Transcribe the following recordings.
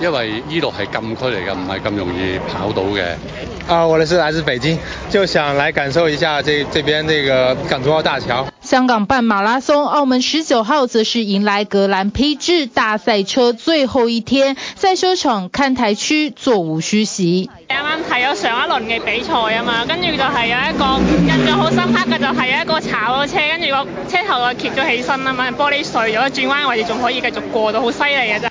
因為呢度係禁區嚟嘅，唔係咁容易跑到嘅。啊、呃，我哋是來自北京，就想嚟感受一下這這邊呢個港珠澳大橋。香港半馬拉松，澳門十九號則是迎來格蘭披治大賽車最後一天，賽車場看台區座無虛席。啱啱係有上一輪嘅比賽啊嘛，跟住就係有一個印象好深刻嘅，就係有一個炒咗車，跟住個車頭啊揭咗起身啊嘛，玻璃碎咗，咗，後轉彎位置仲可以繼續過到，好犀利嘅。真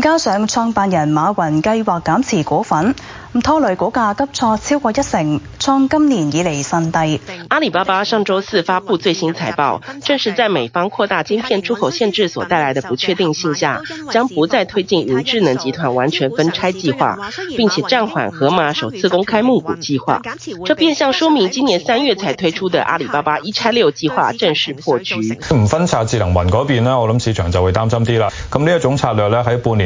加上創辦人馬雲計劃減持股份，拖累股價急挫超過一成，創今年以來新低。阿里巴巴上周四發布最新財報，正是在美方擴大晶片出口限制所帶來的不確定性下，將不再推進雲智能集團完全分拆計劃，並且暫緩盒馬首次公開募股計劃。這變相說明今年三月才推出的阿里巴巴一拆六計劃正式破局。唔分拆智能雲嗰邊咧，我諗市場就會擔心啲啦。咁呢一種策略呢，喺半年。